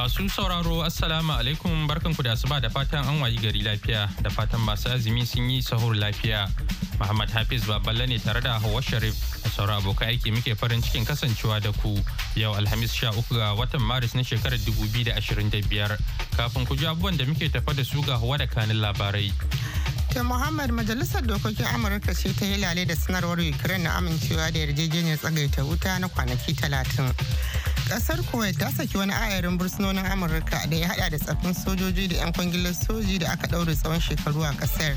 Masu sauraro Assalamu alaikum barkan ku da asuba da fatan an wayi gari lafiya da fatan masu azumi sun yi sahur lafiya. Muhammad Hafiz Baballe ne tare da Hawwa Sharif da sauran abokan aiki muke farin cikin kasancewa da ku yau Alhamis 13 ga watan Maris na shekarar 2025 kafin ku ji abubuwan da muke tafa da su ga Hawwa da kanin labarai. ta Muhammad Majalisar Dokokin Amurka ce ta yi lale da sanarwar Ukraine na amincewa da yarjejeniyar tsagaita wuta na kwanaki talatin. kasar kuwait ta saki wani ayarin bursunonin amurka da ya hada da tsaffin sojoji da 'yan kwangilar soji da aka ɗaure tsawon shekaru a kasar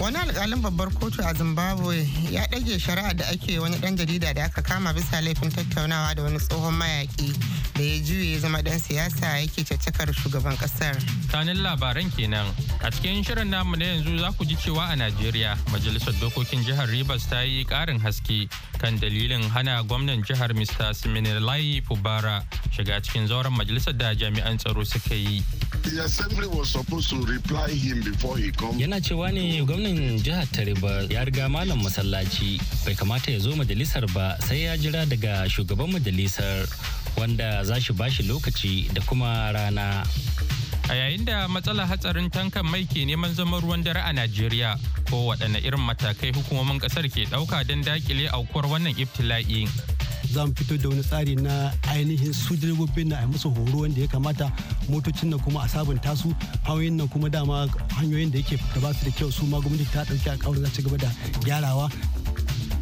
wani alkalin babbar kotu a zimbabwe ya ɗage shari'a da ake wani ɗan jarida da aka kama bisa laifin tattaunawa da wani tsohon mayaƙi da ya juye zama ɗan siyasa yake caccakar shugaban ƙasar kanin labaran kenan a cikin shirin namu na yanzu za ku ji cewa a najeriya majalisar dokokin jihar rivers ta yi ƙarin haske kan dalilin hana gwamnan jihar mr siminalai fubara shiga cikin zauren majalisar da jami'an tsaro suka yi yana cewa ne gwamnan malamin jihar Tariba ya riga malam masallaci bai kamata ya zo majalisar ba sai ya jira daga shugaban majalisar wanda za shi bashi lokaci da kuma rana. A yayin da matsalar hatsarin tankan mai ke neman zama ruwan dare a Najeriya, ko waɗanne irin matakai hukumomin ƙasar ke ɗauka don daƙile aukuwar wannan iftila'i za mu fito da wani tsari na ainihin su direbobin na a musu horo wanda ya kamata motocin nan kuma a sabunta su hanyoyin nan kuma dama hanyoyin da yake da ba su da kyau su ma gwamnati ta ɗauki alƙawarin za ta gaba da gyarawa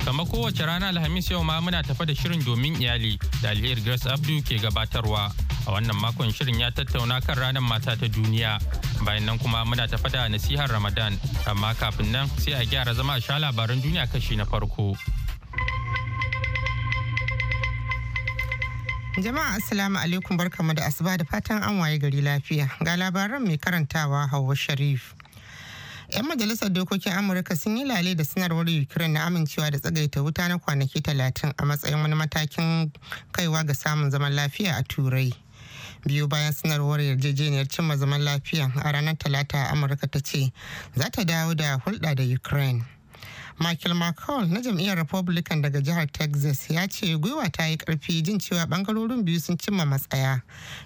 kama kowace rana alhamis yau ma muna tafa da shirin domin iyali da alheri grace abdu ke gabatarwa a wannan makon shirin ya tattauna kan ranar mata ta duniya bayan nan kuma muna tafa da nasihar ramadan amma kafin nan sai a gyara zama a sha labaran duniya kashi na farko Jama'a Assalamu alaikum barkamu da asuba da fatan an waye gari lafiya. Ga labaran mai karantawa Hauwa Sharif. 'Yan majalisar dokokin Amurka sun yi lale da sanarwar Ukraine na amincewa da tsagaita wuta na kwanaki talatin a matsayin wani matakin kaiwa ga samun zaman lafiya a Turai. biyu bayan sanarwar yarjejeniyar cimma zaman lafiya a ranar talata amurka ta ce za ta dawo da hulɗa da ukraine michael mccall na jam'iyyar republican daga jihar texas ya ce gwiwa ta yi karfi jin cewa bangarorin biyu sun cimma matsaya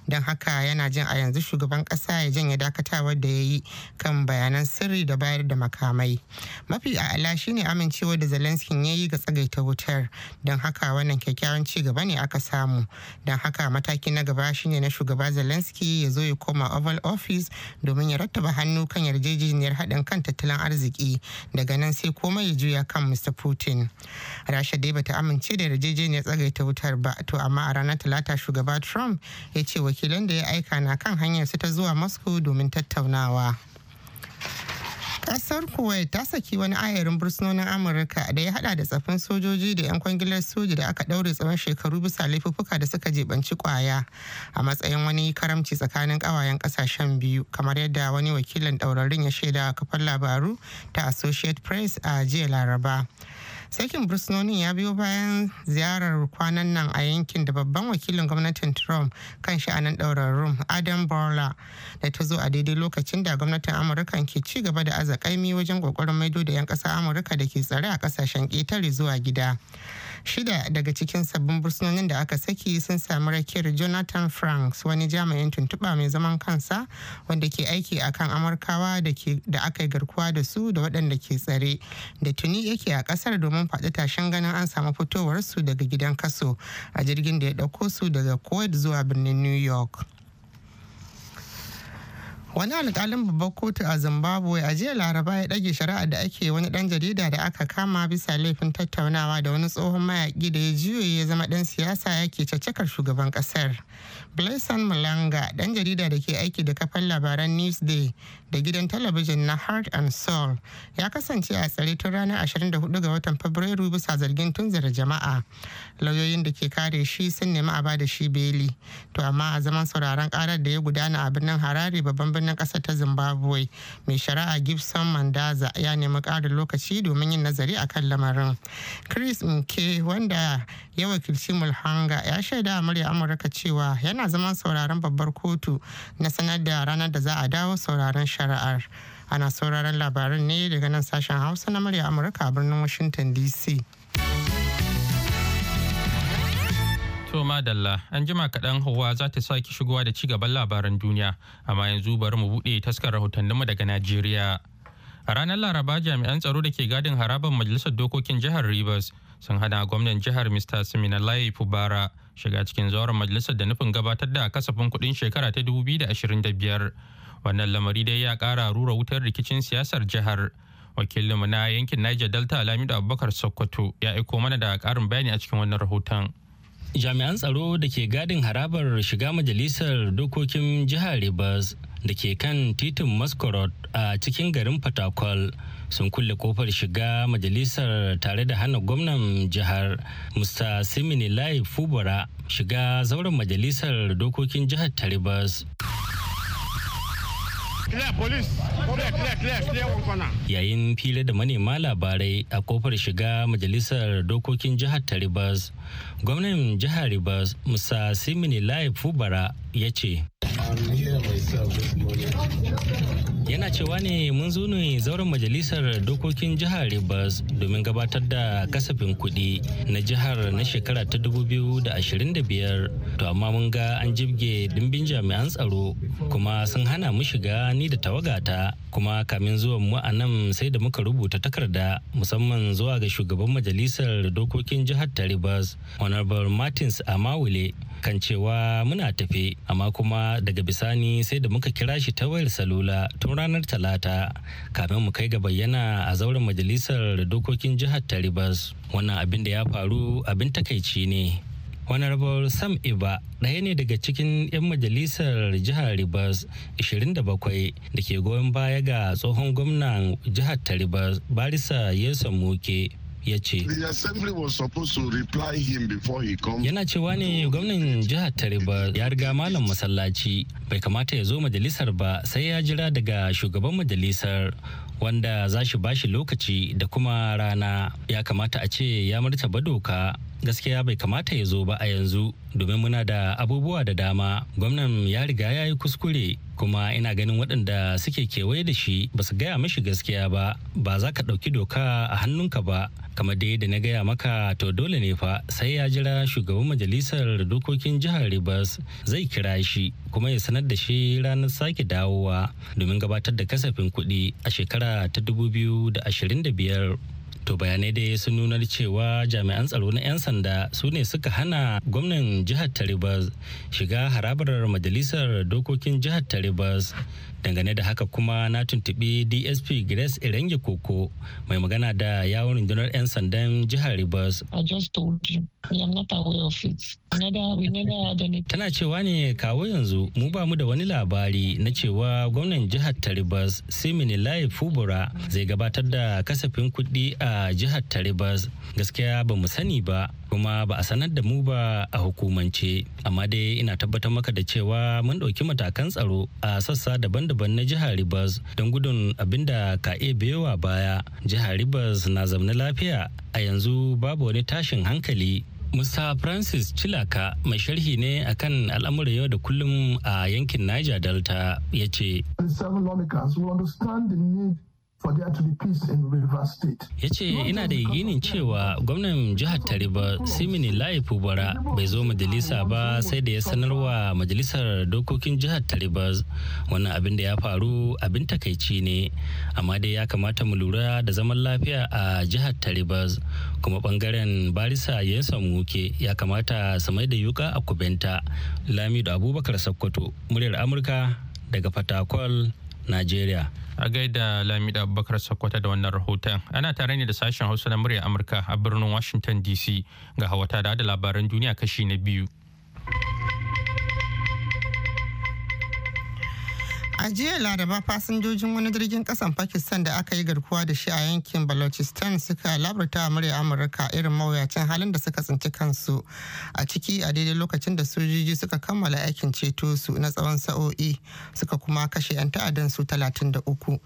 don haka yana jin a yanzu shugaban kasa ya janye dakatawar da ya yi kan bayanan sirri da bayar da makamai mafi a'ala shine amincewa da zelenskin ya yi ga tsagaita wutar don haka wannan kyakkyawan ci gaba ne aka samu don haka mataki na gaba shine na shugaba zelenski ya zo ya koma oval office domin ya rattaba hannu kan yarjejeniyar haɗin kan tattalin arziki daga nan sai komai juya kan mr putin rasha dai bata amince da yarjejeniyar tsagaita wutar ba to amma a ranar talata shugaba trump ya ce wakilan da ya aika na kan hanyar su ta zuwa moscow domin tattaunawa Kasar Kuwait ta saki wani ayarin bursunonin Amurka da ya hada da tsafin sojoji da 'yan kwangilar soji da aka daure tsawon shekaru bisa laifuffuka da suka jebanci kwaya a matsayin wani karamci tsakanin kawayen kasashen biyu kamar yadda wani wakilin daurarin ya shaida kafar labaru ta Associate Press a jiya Laraba. sakin bursunonin ya biyo bayan ziyarar kwanan nan a yankin da babban wakilin gwamnatin trump kan sha'anin ɗaurar rum adam borla da ta zo a daidai lokacin da gwamnatin amurka ke ci gaba da azakaimi wajen kokarin maido da 'yan ƙasa amurka da ke tsare a kasashen ƙetare zuwa gida shida daga cikin sabbin bursunonin da aka saki sun sami rakiyar jonathan franks wani jami'in tuntuɓa mai zaman kansa wanda ke aiki a kan amurkawa da aka yi garkuwa da su da waɗanda ke tsare da tuni yake a ƙasar domin an faɗi tashin ganin an samu fitowarsu daga gidan kaso a jirgin da ya ɗauko su daga kuwait zuwa birnin new york wani alƙalin babbar kotu a zimbabwe a jiya laraba ya ɗage shari'a da ake wani ɗan jarida da aka kama bisa laifin tattaunawa da wani tsohon mayaƙi da ya jiyo ya zama ɗan siyasa yake caccakar shugaban ƙasar blaison malanga ɗan jarida da ke aiki da kafar labaran newsday da gidan talabijin na heart and soul ya kasance a tsare tun ranar 24 ga watan fabrairu bisa zargin tunzura jama'a lauyoyin da ke kare shi sun nemi a bada shi beli to amma a zaman sauraron karar da ya gudana a birnin harare babban birnin kasar ta zimbabwe mai shari'a gibson mandaza ya nemi ƙarin lokaci domin yin nazari a kan lamarin chris mke wanda ya wakilci mulhanga ya shaida a murya amurka cewa yana zaman sauraron babbar kotu na sanar da ranar da za a dawo sauraron shari'ar ana sauraron labarin ne daga nan sashen hausa na murya amurka a birnin washington dc To madalla an jima kaɗan hawa za ta sake shigowa da cigaban labaran duniya amma yanzu bari mu buɗe taskar rahotanninmu daga Najeriya. A ranar Laraba jami'an tsaro da ke gadin harabar Majalisar Dokokin Jihar Rivers sun hana gwamnan jihar Mr. Siminalayi Fubara shiga cikin zauren majalisar da nufin gabatar da kasafin kuɗin shekara ta da da ashirin biyar Wannan lamari dai ya ƙara rura wutar rikicin siyasar jihar. Wakilinmu na yankin Niger Delta Lamido Abubakar Sokoto ya aiko mana da karin bayani a cikin wannan rahoton. jami'an tsaro da ke gadin harabar shiga majalisar dokokin jihar Rivers da ke kan titin maskorod a cikin garin fatakwal sun kulle kofar shiga majalisar tare da hana gwamnan jihar mr simini lai fubara shiga zauren majalisar dokokin jihar ta Yayin fili da manema labarai a kofar shiga majalisar dokokin jihar Taribas, gwamnan jihar rivers musa simini Lai fubara ya ce yana cewa ne mun zo zauren majalisar dokokin jihar rivers domin gabatar da kasafin kuɗi na jihar na shekara ta 2025 to amma mun ga an jibge dimbin jami'an tsaro kuma sun hana mu shiga ni da tawagata kuma kamin zuwa mu a nan sai da muka rubuta takarda musamman zuwa ga shugaban majalisar dokokin jihar ta ribas honorable martins a mawule kan cewa muna tafe amma kuma daga bisani sai da muka kira shi ta wayar salula tun ranar talata kafin mu kai ga bayyana a zauren majalisar dokokin jihar Taribas wannan abin da ya faru abin takaici ne honorable sam iba ɗaya ne daga cikin 'yan majalisar jihar ribas 27 da ke goyon baya ga tsohon gwamnan jihar ta barisa yeso muke ya ce yana cewa ne gwamnan jihar tariba ya riga malam masallaci bai kamata ya zo majalisar ba sai ya jira daga shugaban majalisar wanda za shi bashi lokaci da kuma rana ya kamata a ce ya martaba doka gaskiya bai kamata ya zo ba a yanzu domin muna da abubuwa da dama gwamnan ya riga ya yi kuskure kuma ina ganin waɗanda suke kewaye da shi ba su gaya mashi gaskiya ba ba za ka ɗauki doka a hannunka ba kamar dai da na gaya maka to dole ne fa sai ya jira shugaban majalisar dokokin jihar ribas zai kira shi kuma ya sanar da shi ranar sake dawowa domin gabatar da kasafin kuɗi a shekara ta 2025 To bayanai dai sun nuna cewa jami'an tsaro na 'yan sanda su ne suka hana gwamnan jihar Taribas shiga harabar majalisar dokokin jihar Taribas dangane da haka kuma na tuntubi dsp grace irenge koko mai magana da yawon rundunar 'yan sandan jihar rivers tana cewa ne kawo yanzu mu ba mu da wani labari na cewa gwamnan jihar ta rivers simini lai fubura zai gabatar da kasafin kuɗi a jihar ta rivers gaskiya ba mu sani ba kuma ba a sanar da mu ba a hukumance amma dai ina tabbatar maka da cewa mun ɗauki matakan tsaro a sassa daban daban na jihar Rivers don gudun abin da ka iya bewa baya. Jihar Ribas na zaune lafiya a yanzu babu wani tashin hankali. Musa Francis Chilaka mai sharhi ne akan al'amuran yau da kullum a yankin Niger Delta ya ce. Ya ce ina da ginin cewa gwamnan jihar Tariba Simini layi Fubara bai zo majalisa ba sai da ya sanarwa majalisar dokokin jihar Tariba wannan abin da ya faru abin takaici ne amma dai ya kamata mu lura da zaman lafiya a jihar Tariba kuma bangaren barisa yansa Muke ya kamata su mai da yuka a kubenta. Lamido Abubakar Sokoto muryar Amurka daga Fatakwal Najeriya. A gaida Lamida Abubakar Sokoto da wannan rahoton. Ana tare ne da sashen Hausa na murya Amurka a birnin Washington DC ga hawata da labaran duniya kashi na biyu. a jiya laraba fasinjojin wani jirgin kasan pakistan da aka yi garkuwa da shi a yankin balochistan suka labarta murya amurka irin mawuyacin halin da suka tsinci kansu a ciki a daidai lokacin da sojoji suka kammala aikin ceto su na tsawon sa'o'i suka kuma kashe 'yan ta'addan su 33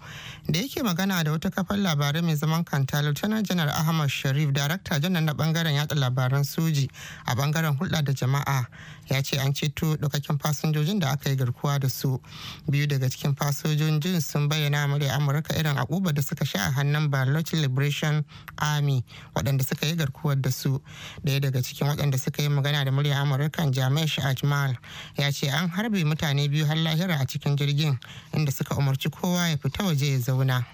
da yake magana da wata kafar labarai mai zaman kanta lieutenant janar ahmad sharif darakta janar na bangaren yada labaran soji a bangaren hulɗa da jama'a ya ce an ceto ɗaukakin fasinjojin da aka yi garkuwa da su biyu daga daga cikin fasinjojin sun bayyana murya amurka irin abubuwa da suka sha a hannun baloch liberation army waɗanda suka yi garkuwar da su ɗaya daga cikin waɗanda suka yi magana da murya amurka jamesh ajmal ya ce an harbe mutane biyu har lahira a cikin jirgin inda suka umarci kowa ya fita waje ya zauna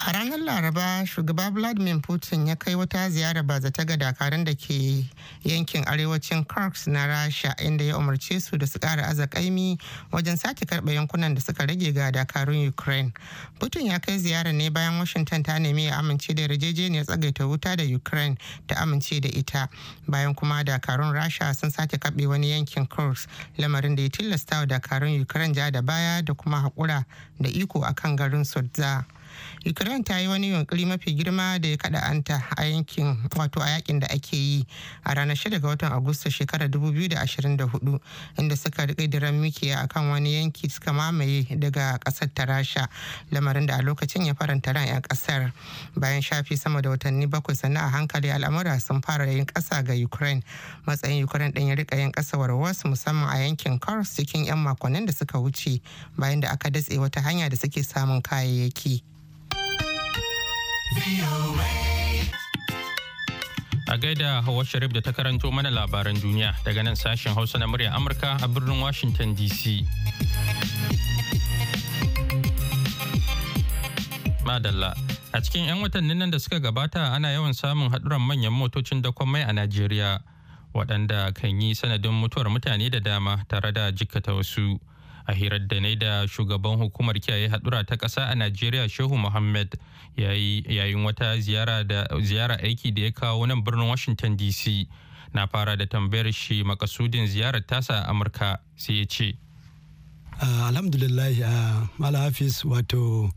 A ranar Laraba, shugaba Vladimir Putin ya kai wata ziyara ba zata ga dakarun da ke yankin arewacin Kirk na Rasha inda ya umarce su da su kara azakaimi wajen sake karɓa yankunan da suka rage ga dakarun Ukraine. Putin ya kai ziyara ne bayan Washington ta nemi ya amince da yarjejeniyar tsagaita wuta da Ukraine ta amince da ita. Bayan kuma dakarun Rasha sun sake kaɓe wani yankin Kirk lamarin da ya tilasta wa dakarun Ukraine ja da baya da kuma haƙura da iko akan garin Sudza. ukraine ta yi wani yunkuri mafi girma da ya kada anta a yankin wato a yakin da ake yi a ranar 6 ga watan agusta shekarar 2024 inda suka riƙe diran mikiya kan wani yanki suka mamaye daga ƙasar ta rasha lamarin da a lokacin ya faranta ran 'yan kasar bayan shafi sama da watanni bakwai sannan a hankali al'amura sun fara yin kasa ga ukraine matsayin ukraine din ya rika yin kasa warwas musamman a yankin kars cikin 'yan makonnin da suka wuce bayan da aka datse wata hanya da suke samun kayayyaki. A gaida Hawa Sharif da ta karanto mana labaran duniya daga nan sashen Hausa na murya Amurka a birnin Washington DC. Madalla. A cikin 'yan watannin nan da suka gabata ana yawan samun haɗuran manyan motocin da mai a Najeriya waɗanda kan yi sanadin mutuwar mutane da dama tare da jikkata wasu. a hirar da ne da shugaban hukumar kiyaye hadura ta kasa a najeriya shehu muhammad yayin wata ziyara aiki da ya kawo nan birnin washington dc na fara da tambayar shi makasudin ziyarar tasa a amurka sai ya ce ah, alhamdulillah ah, mala hafiz wato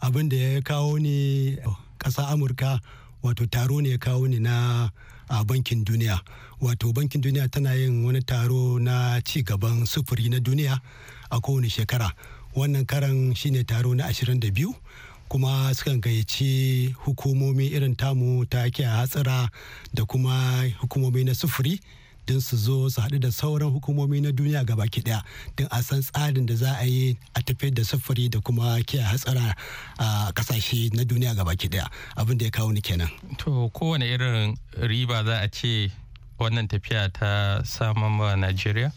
abin da ya kawo ne kasa amurka wato taro ne ya kawo ne na a bankin duniya wato bankin duniya tana yin wani taro na ci gaban sufuri na duniya a kowane shekara wannan karan shine taro na 22 kuma sukan gayyaci hukumomi irin tamu ta ake hatsira da kuma hukumomi na sufuri don su zo su haɗu da sauran hukumomi na duniya gaba ki ɗaya don a san tsarin da za a yi a tafiyar da sufuri da kuma kiyaye hatsara a kasashe na duniya gaba ki ɗaya abin da ya kawo ni kenan. to kowane irin riba za a ce wannan tafiya ta samun ma najeriya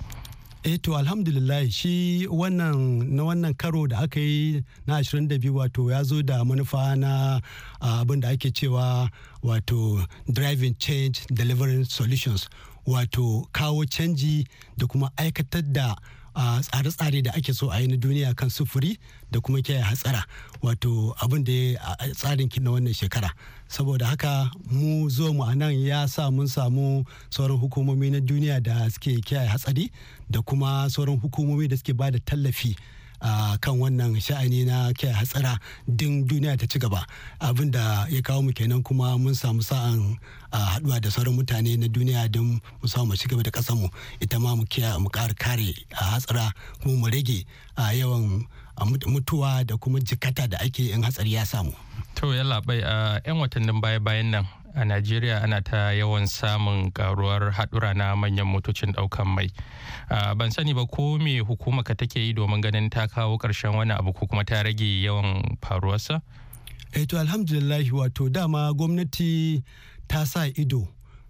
eh to alhamdulillah shi wannan na wannan karo da aka yi na 22 wato ya zo da manufa na abin da ake cewa wato driving change delivering solutions wato kawo canji da kuma aikatar da a tsare-tsare da ake so a yi na duniya kan sufuri da kuma kiyaye hatsara wato abin da ya tsarin na wannan shekara saboda haka mu zo mu a nan ya sa mun samu sauran hukumomi na duniya da suke kiyaye hatsari da kuma sauran hukumomi da suke ba da tallafi kan wannan sha'ani na ke hatsara din duniya ta ci gaba abin da ya kawo mu kenan kuma mun samu sa'an haɗuwa da sauran mutane na duniya don mu samu mu ci gaba da ƙasar mu ita ma mu kiyaye mu kare hatsara kuma mu rage yawan mutuwa da kuma jikata da ake in hatsari ya samu. To yalla bai a 'yan watannin baya-bayan nan a najeriya ana ta yawan samun karuwar haɗura na manyan motocin ɗaukan mai ban sani ba ko me hukuma ka take yi domin ganin ta kawo karshen wani abu ko kuma ta rage yawan faruwarsa eh alhamdulillah wato dama gwamnati ta sa ido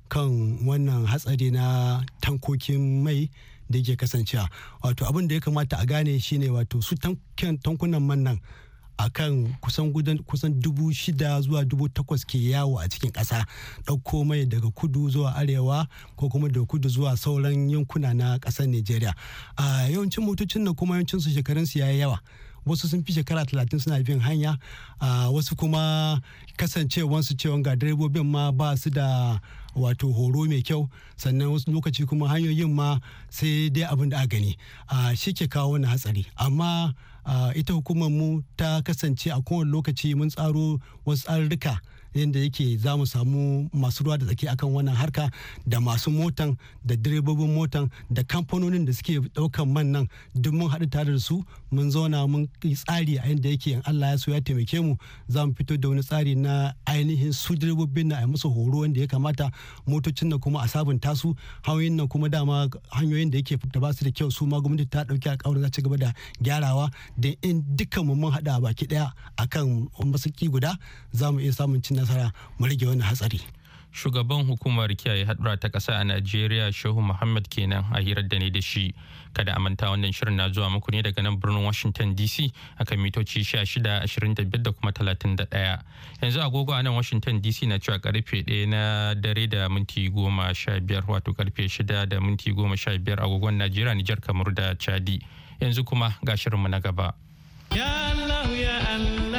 kan wannan hatsari na tankokin mai da ke kasancewa wato abin da ya kamata a gane shine wato su tankunan man nan akan kusan gudan kusan dubu shida zuwa dubu takwas ke yawo a cikin ƙasa ɗauko mai daga kudu zuwa arewa ko kuma daga kudu zuwa sauran yankuna na ƙasar a yawancin motocin da kuma yawancin su shekarun su yayi yawa. wasu sun fi shekara talatin suna bin hanya a wasu kuma kasancewansu cewa ga direbobin ma ba su da wato horo mai kyau sannan wasu lokaci kuma hanyoyin ma sai dai abin da a gani shi ke kawo wani hatsari amma ita hukumar mu ta kasance a kowane lokaci mun tsaro wasu tsarurruka yadda yake za mu samu masu ruwa da tsaki akan wannan harka da masu motan da direbobin motan da kamfanonin da suke daukan man nan duk mun haɗu tare da su mun zauna mun tsari a yadda yake in Allah ya so ya taimake mu za mu fito da wani tsari na ainihin su direbobin na a musu horo wanda ya kamata motocin na kuma a sabunta su hanyoyin nan kuma dama hanyoyin da yake da ba su da kyau su ma gwamnati ta dauki alƙawarin za ci gaba da gyarawa da in dukkan mu mun haɗa baki daya akan masaki guda za mu iya samun cin nasara mu rage wani hatsari shugaban hukumar kiyaye hadura ta ƙasa a najeriya shehu muhammad kenan a hirar da ne da shi kada manta wannan shirin na zuwa muku ne daga nan birnin washington dc kan mitoci 16 ashirin da kuma 31 yanzu agogo a nan washington dc na cewa karfe 1 na dare da minti 15 wato karfe 6 da minti 15 agogon najeriya nijar kamar da chadi yanzu kuma ga shirinmu na gaba ya allah ya allah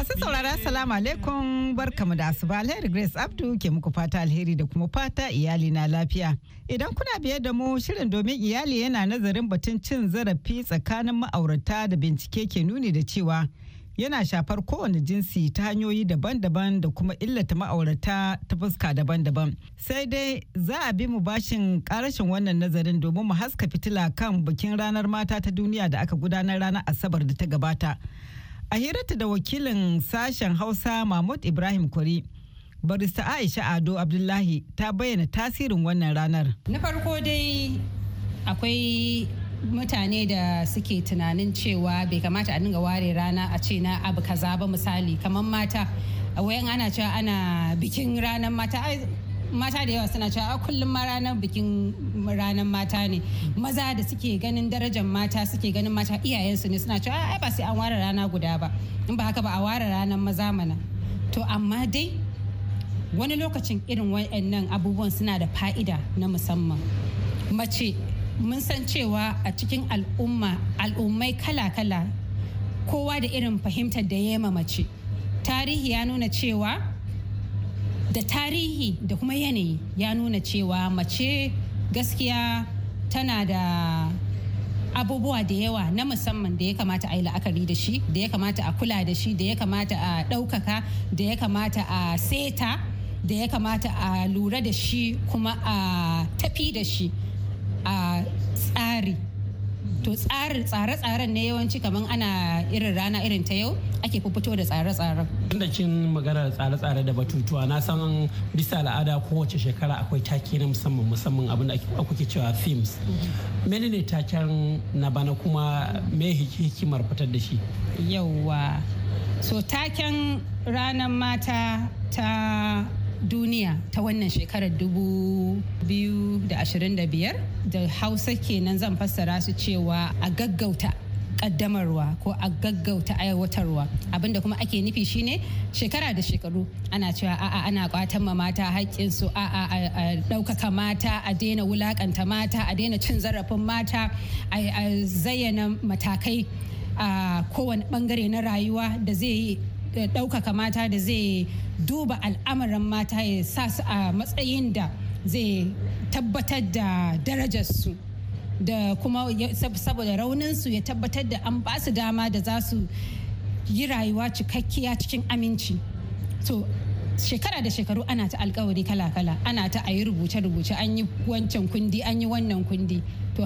Masu saurara salamu alaikum barkamu da asuba alheri Grace Abdu ke muku fata alheri da kuma fata iyali na lafiya. Idan kuna biye da mu shirin domin iyali yana nazarin batun cin zarafi tsakanin ma'aurata da bincike ke nuni da cewa yana shafar kowane jinsi ta hanyoyi daban-daban da kuma illata ma'aurata ta fuska daban-daban. Sai dai za a bi mu bashin karashin wannan nazarin domin mu haska fitila kan bikin ranar mata ta duniya da aka gudanar ranar Asabar da ta gabata. A hirarta da wakilin sashen Hausa Mahmud Ibrahim Kwari, barista Aisha Ado Abdullahi ta bayyana tasirin wannan ranar. Na farko dai akwai mutane da suke tunanin cewa bai kamata a dinga ware rana a ce na abu kaza ba misali kamar mata. wayan ana cewa ana bikin ranar mata mata da yawa suna cewa a kullum ma ranar bikin ranar mata ne maza da suke ganin darajar mata suke ganin mata iyayensu ne suna cewa ai ba sai an ware rana guda ba in ba haka ba a ware ranar maza mana to amma dai wani lokacin irin wayannan abubuwan suna da fa'ida na musamman mace mun san cewa a cikin al'umma al'ummai kala-kala kowa da irin fahimtar da ya mace tarihi ya nuna cewa da tarihi da kuma yanayi ya nuna cewa mace gaskiya tana da abubuwa da yawa na musamman da ya kamata a yi la'akari da shi da ya kamata a kula da shi da ya kamata a ɗaukaka da ya kamata a seta da ya kamata a lura da shi kuma a tafi da shi a tsari to tsare-tsaren ne yawanci kamar ana irin rana irin ta yau ake fito da tsare-tsaren. Tunda kin magana tsare-tsare da batutuwa na san bisa al'ada kowace shekara akwai take na musamman musamman abin da kuke cewa films. Mene ne taken na bana kuma me hikimar fitar da shi? Yawwa. So taken ranar mata ta duniya ta wannan shekarar 2025 da hausa kenan zan fassara su cewa a gaggauta kaddamarwa ko a gaggauta aiwatarwa abinda kuma ake nufi shine shekara da shekaru ana cewa a'a ana kwatan ma mata su a'a a ɗaukaka mata a daina wulakanta mata a daina cin zarafin mata a zayyana matakai a kowane bangare na rayuwa da zai yi. Eh, ɗaukaka mata da zai duba al'amuran mata ya sa su a matsayin da zai tabbatar da darajarsu da kuma saboda rauninsu ya tabbatar da an ba su dama da za su yi rayuwa cikakkiya cikin aminci to shekara da shekaru ana ta alkawari kala-kala ana ta a yi rubuce-rubuce an yi wancan kundi an yi wannan kundi to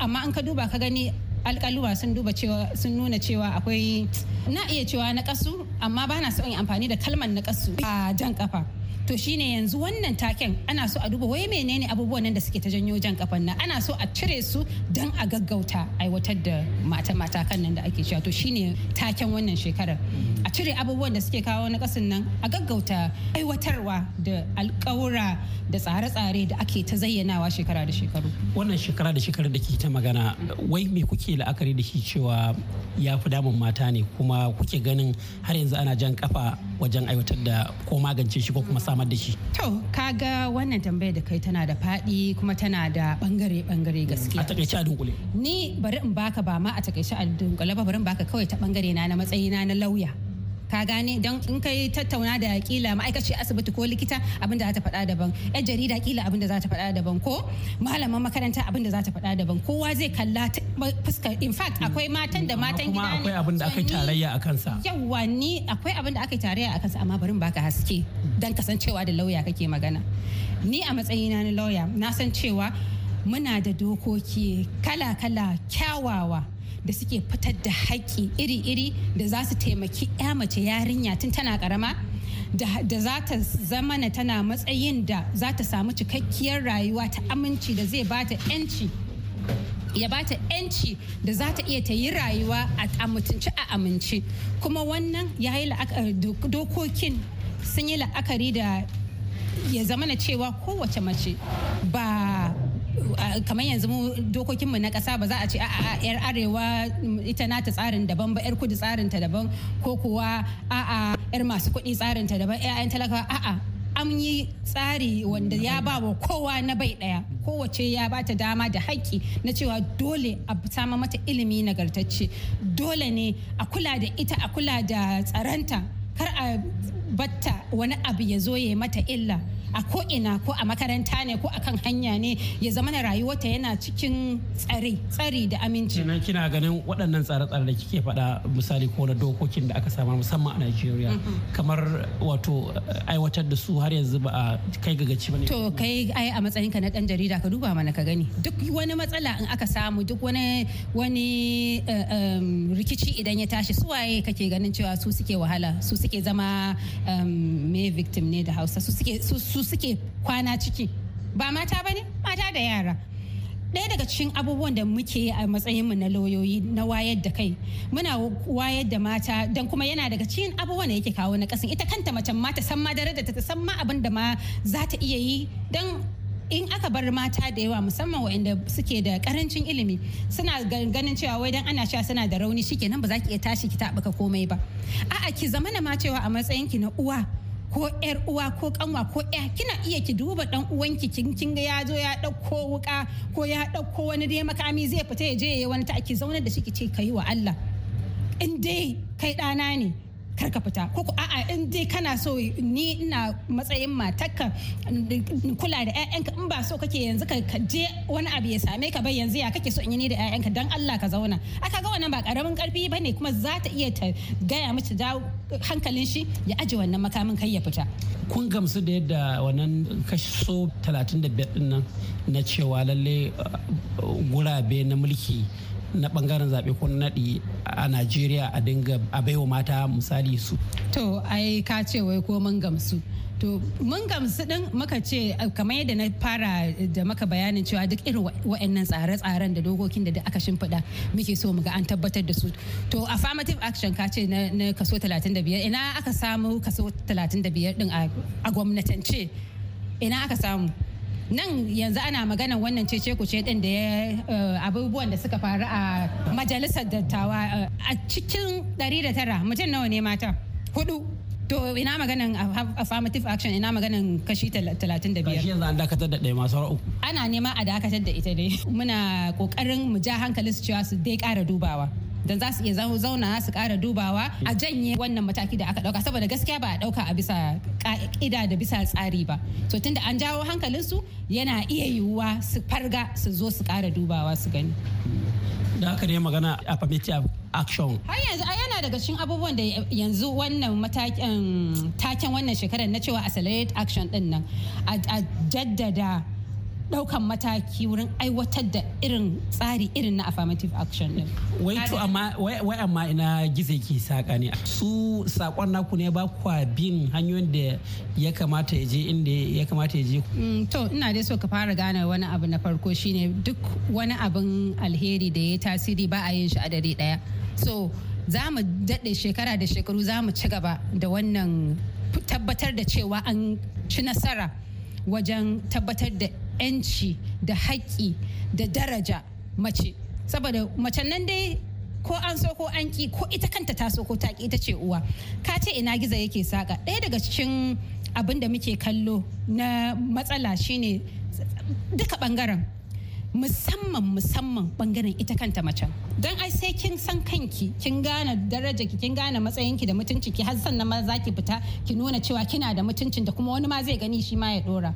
amma an ka duba ka gani alkaluwa sun duba cewa sun nuna cewa akwai na iya cewa na kasu amma ba na so in amfani da kalmar na kasu a jan kafa to shine yanzu wannan taken ana so a duba wai menene abubuwan nan da suke ta janyo jan kafan nan ana so a cire su don a gaggauta aiwatar da mata matakan nan da ake cewa to shine taken wannan shekarar a cire abubuwan da suke kawo na kasin nan a gaggauta aiwatarwa da alkawura da tsare-tsare da ake ta zayyanawa shekara da shekaru wannan shekara da shekarar da ke ta magana wai me kuke la'akari da shi cewa ya fi damun mata ne kuma kuke ganin har yanzu ana jan kafa wajen aiwatar da ko magance shi ko kuma samar da shi to kaga wannan tambayar da kai tana da fadi kuma tana da bangare bangare mm, gaskiya a takaice a dunkule ni bari in baka ba ma a takaice a dunkule ba bari in baka kawai ta bangare na na matsayina na lauya ka gane don in kai tattauna da kila ma'aikaci asibiti ko likita abin da za ta faɗa daban yan jarida kila abin da za ta faɗa daban ko malaman makaranta abin da za ta faɗa daban kowa zai kalla fuskar in fact mm. akwai matan da matan gida ne akwai abin da aka yi tarayya a kansa yawa ni akwai abin da aka yi tarayya a kansa amma barin baka haske dan kasancewa da lauya kake magana ni a matsayina na lauya na san cewa muna da dokoki kala-kala kyawawa da suke fitar da haƙƙi iri-iri da za su taimaki 'ya mace yarinya tun tana ƙarama da za ta zamana tana matsayin da za ta samu cikakkiyar rayuwa ta aminci da zai ta 'yanci ya bata 'yanci da za ta iya ta yi rayuwa a mutunci a aminci kuma wannan ya yi eh, dokokin sun yi la'akari da ya zamana cewa kowace mace ba kamar yanzu mu dokokin mu na ƙasa ba za a ce a'a yar arewa ita na ta tsarin daban ba yar kudu tsarin ta daban ko kuwa a'a yar masu kuɗi tsarin ta daban yayan talakawa a'a an yi tsari wanda ya ba wa kowa na bai ɗaya kowace ya ba ta dama da haƙƙi na cewa dole a sama mata ilimi nagartacce dole ne a kula da ita a kula da tsaranta kar a batta wani abu ya zo ya mata illa a ko ina ko a makaranta ne ko kan hanya ne ya zama na rayuwarta yana cikin tsare tsari da aminci kenan kina ganin waɗannan tsare-tsare da kike faɗa misali ko na dokokin da aka sama musamman a Najeriya mm-hmm. kamar wato eh, aiwatar da su har yanzu ba a kai ga gaci bane to kai ai a matsayin ka na dan jarida ka duba mana ka gani duk wani matsala in aka samu duk wani wani eh, rikici idan ya tashi su waye kake ganin cewa su suke wahala su suke zama me victim ne da Hausa su suke su suke kwana ciki ba mata ba ne mata da yara ɗaya daga cikin abubuwan da muke a matsayin mu na lauyoyi na wayar da kai muna wayar da mata don kuma yana daga cikin abubuwan da yake kawo na kasin ita kanta macen mata san ma da ta san ma abin da ma za ta iya yi don in aka bar mata da yawa musamman waɗanda suke da karancin ilimi suna ganin cewa wai dan ana sha suna da rauni nan ba za ki iya tashi ki taɓuka komai ba a'a ki zamana ma cewa a matsayin ki na uwa ko yar uwa ko kanwa ko ya kina iya ki duba dan uwanki kin kin ga ya zo ya dauko wuka ko ya dauko wani dai makami zai fita ya je ya wani ta ki zauna da shi ki ce kai wa Allah in dai kai dana ne kar ka fita ko a'a in dai kana so ni ina matsayin matakka kula da ƴaƴanka in ba so kake yanzu ka je wani abu ya same ka bai yanzu ya kake so in yi ni da ƴaƴanka dan Allah ka zauna aka ga wannan ba karamin karfi bane kuma za ta iya ta gaya mace da hankalin shi ya aje wannan makamin kai ya fita kun gamsu da yadda wannan kaso 35 din nan na cewa lalle uh, gurabe na mulki na bangaren zaɓe ko naɗi a najeriya a dinga a baiwa mata misali su to ai ka ce wai ko mun gamsu to mun gamsu din muka ce kamar yadda na fara da maka bayanin cewa duk irin wa'annan tsare-tsaren da dokokin da aka shimfiɗa muke so mu ga an tabbatar da su to affirmative action ka ce na kaso 35 ina aka samu kaso 35 din a gwamnatance ina aka samu nan yanzu ana magana wannan cece ce din da ya eh, abubuwan da suka faru a majalisar dattawa eh, a cikin 109 mutum nawa ne mata hudu to ina maganan affirmative action ina maganan kashi 35 kashi yanzu an dakatar da ɗaya masu uku ana nema a dakatar da ita dai muna kokarin mu ja hankali su cewa su dai ƙara dubawa dan za su iya zauna su kara dubawa a janye wannan mataki da aka dauka saboda gaskiya ba a dauka a bisa ka'ida da bisa tsari ba to tunda an jawo hankalinsu yana iya yiwuwa su farga su zo su kara dubawa su gani da haka ne magana affirmative action har yanzu yana daga cikin abubuwan da yanzu wannan matakin taken wannan shekarar na cewa accelerate action din nan a jaddada daukan mataki wurin aiwatar da irin tsari irin na affirmative action din. Wai to amma wai amma ina gize ki saka ne. Su sakon naku ne ba ku bin hanyoyin da ya kamata ya je inda ya kamata ya je. Mm, to ina dai so ka fara gane wani abu na farko shine duk wani abin alheri da ya tasiri ba a yin shi a dare daya. So za mu daɗe shekara da shekaru za mu ci gaba da wannan tabbatar da cewa an ci nasara wajen tabbatar da 'yanci da haƙƙi da daraja mace saboda mace nan dai ko an so ko an ki ko ita kanta ta so ko ta ita ce uwa ka ce ina giza yake saka ɗaya daga cikin abin da muke kallo na matsala shine duka bangaren musamman musamman bangaren ita kanta macen don ai sai kin san kanki kin gane daraja kin gane matsayinki da mutunci ki har sannan ma za ki fita ki nuna cewa kina da mutuncin da kuma wani ma zai gani shi ma ya ɗora.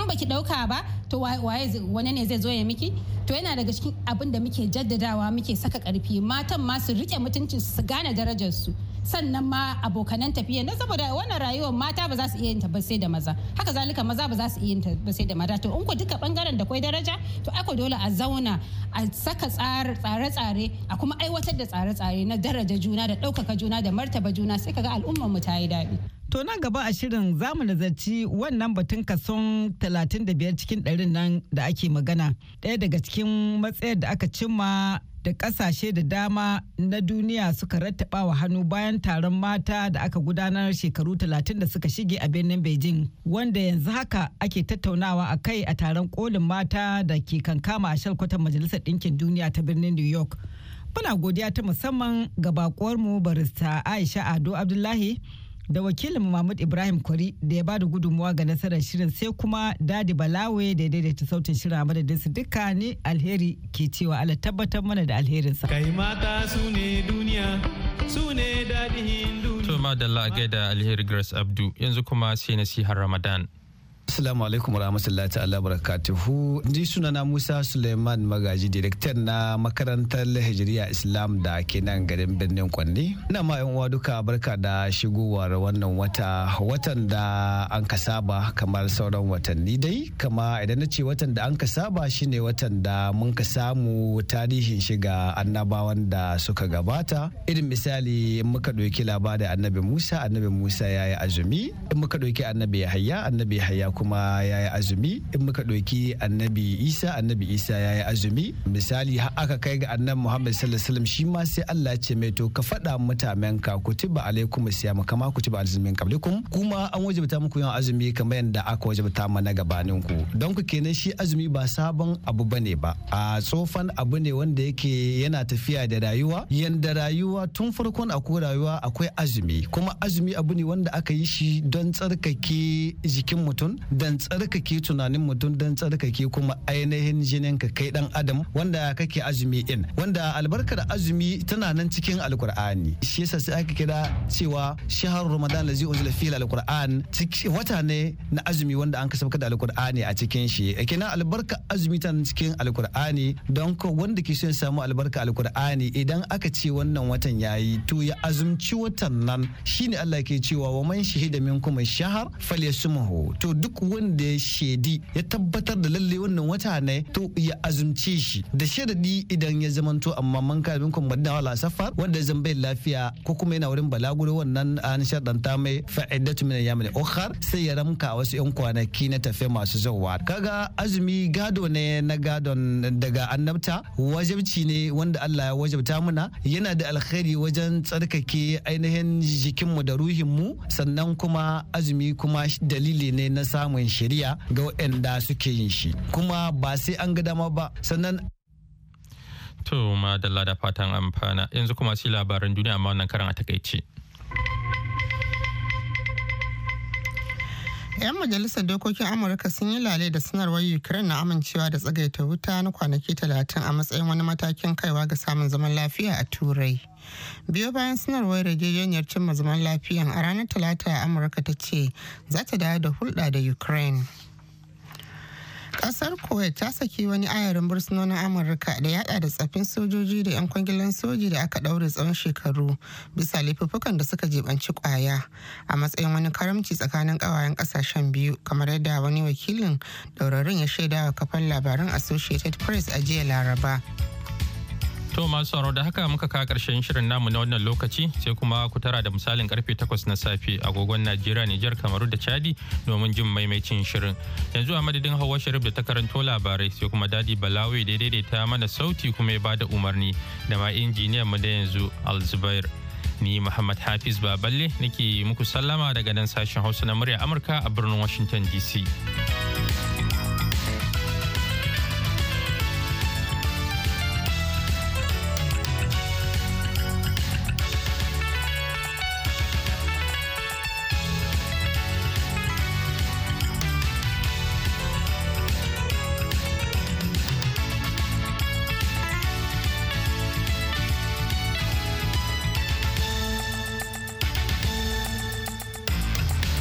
in baki dauka ba to waye wani ne zai zo ya miki to yana daga cikin abin da muke jaddadawa muke saka karfi matan ma su rike mutuncin su gane darajar su sannan ma abokanan tafiya na saboda wannan rayuwar mata ba za su iya yin ta ba sai da maza haka zalika maza ba za su iya yin ta ba sai da mata to in ku duka bangaren da kwai daraja to aiko dole a zauna a saka tsare-tsare a kuma aiwatar da tsare-tsare na daraja juna da ɗaukaka juna da martaba juna sai kaga al'ummar mu ta yi daɗi. To nan gaba a shirin zamu nazarci wannan batun kason 35 cikin ɗarin nan da ake magana. daya daga cikin matsayar da aka cimma da kasashe da dama na duniya suka rattaba wa hannu bayan taron mata da aka gudanar shekaru 30 da suka shige a birnin beijing wanda yanzu haka ake tattaunawa a kai a taron kolin mata da ke kankama a shalkwatar majalisar ɗinkin duniya ta birnin new york muna godiya ta musamman ga mu barista aisha ado abdullahi da wakilin Mahmud Ibrahim Kwari da ya bada gudunmuwa ga nasarar shirin sai kuma Dadi Balawe da ya daidaita sautin shirin a madadin su duka ne alheri ke cewa ala tabbatar mana da alherin sa Kai mata su ne duniya su ne dadihin duniya. To madalla ga da alheri Grace Abdu yanzu kuma sai nasihar Ramadan. Assalamu alaikum wa warahmatullahi ta'ala barakatuhu. Ni sunana Musa Suleiman Magaji Direktan na makarantar Hijriya Islam da ke nan garin birnin Kwanne. Ina ma yan uwa duka barka da shigowar wannan wata watan da an ka saba kamar sauran watanni dai kama idan na ce watan da an ka saba shine watan da mun ka samu tarihin shiga annabawan da suka gabata. Irin misali in muka ɗauki labarin annabi Musa, annabi Musa ya yi azumi, in muka ɗauki annabi Yahaya, annabi Yahaya kuma ya yi azumi in muka ɗauki annabi isa annabi isa ya yi azumi misali har aka kai ga annabi muhammad sallallahu alaihi wasallam shi ma sai allah ce mai to ka faɗa mutanen ka kutiba alaikum siyama kama kutiba azumin kablikum kuma an wajibta muku yin azumi kamar yadda aka wajibta mana gabanin ku don ku kenan shi azumi ba sabon abu bane ba a tsofan abu ne wanda yake yana tafiya da rayuwa yanda rayuwa tun farkon akwai rayuwa akwai azumi kuma azumi abu ne wanda aka yi shi don tsarkake jikin mutum dan tsarkake tunanin mutum dan tsarkake kuma ainihin jinin ka kai dan adam wanda kake azumi in wanda albarkar azumi tana nan cikin alkur'ani shi yasa sai aka kira cewa shahar ramadan lazi unzila fihi alkur'an wata ne na azumi wanda an kasabka da alkur'ani a cikin shi kenan albarka azumi tana cikin alkur'ani don ko wanda ke son samu albarka alkur'ani idan aka ce wannan watan yayi to ya azumci watan nan shine Allah ke cewa wa man shahida minkum shahar falyasumuhu to duk duk wanda ya shedi ya tabbatar da lalle wannan wata ne to ya azumce shi da shedadi idan ya zamanto amma man ka madina wala safar wanda zan bai lafiya ko kuma yana wurin balaguro wannan an shardanta mai fa'idatu min ayyamin ukhar sai ya ramka wasu yan kwanaki na tafe masu zauwa kaga azumi gado ne na gadon daga annabta wajibci ne wanda Allah ya wajabta muna yana da alkhairi wajen tsarkake ainihin jikinmu da ruhinmu sannan kuma azumi kuma dalili ne na samun shari'a ga waɗanda suke yin shi kuma ba sai an ga dama ba sannan to ma da fatan amfana yanzu kuma shi labaran duniya ma wannan karan a takaice 'Yan majalisar dokokin Amurka sun yi lalai da sanarwar Ukraine na amincewa da tsagaita wuta na kwanaki talatin a matsayin wani matakin kaiwa ga samun zaman lafiya a Turai. Biyo bayan sanarwar yarjejeniyar cimma zaman lafiyan a ranar Talata Amurka ta ce za ta dawo da hulɗa da Ukraine. kasar kuwait ta saki wani ayarin bursunonin amurka da yada da tsaffin sojoji da 'yan kwangilan soji da aka daure tsawon shekaru bisa laifuffukan da suka jibanci kwaya a matsayin wani karamci tsakanin kawayen kasashen biyu kamar yadda wani wakilin daurarin ya shaidawa kafan labaran associated press a jiya laraba To masu sauraro da haka muka kawo karshen shirin namu na wannan lokaci sai kuma ku tara da misalin karfe 8 na safe a agogon Najeriya, Nijar, Kamaru da Chadi domin jin maimaicin shirin. Yanzu a madadin Hauwa Sharif da ta karanto labarai sai kuma Dadi Balawi da daidaita mana sauti kuma ya bada umarni da ma injiniyan mu da yanzu Alzubair. Ni Muhammad Hafiz Baballe nake muku sallama daga nan sashen Hausa na murya Amurka a birnin Washington DC.